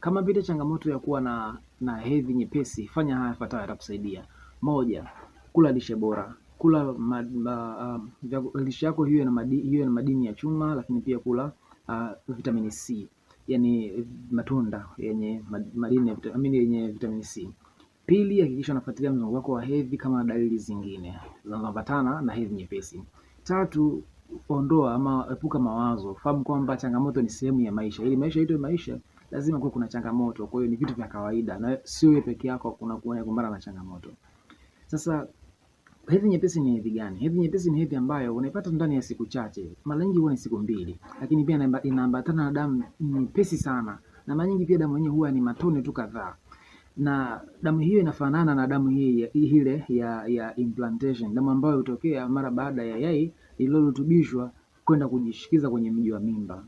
Kama vile changamoto ya kuwa na, na hedhi nyepesi, fanya haya yafuatayo yatakusaidia. Moja, kula lishe bora. Kula ma, ma, uh, lishe yako hiyo na madini, hiyo na madini ya chuma, lakini pia kula uh, vitamini C, yani matunda yenye madini ya vitamini yenye vitamini C. Pili, hakikisha unafuatilia mzunguko wako wa hedhi kama dalili zingine zinazoambatana na hedhi nyepesi. Tatu, ondoa ama epuka mawazo. Fahamu kwamba changamoto ni sehemu ya maisha, ili maisha yetu maisha lazima kuwe kuna changamoto. Kwa hiyo ni vitu vya kawaida, na sio wewe peke yako unakumbana na changamoto. Sasa hedhi nyepesi ni hedhi gani? Hedhi nyepesi ni hedhi ambayo unaipata ndani ya siku chache, mara nyingi huwa ni siku mbili, lakini pia inaambatana na damu nyepesi sana, na mara nyingi pia damu yenyewe huwa ni matone tu kadhaa, na damu hiyo inafanana na damu hii ya, ile ya, ya implantation, damu ambayo hutokea mara baada ya yai lililorutubishwa kwenda kujishikiza kwenye mji wa mimba.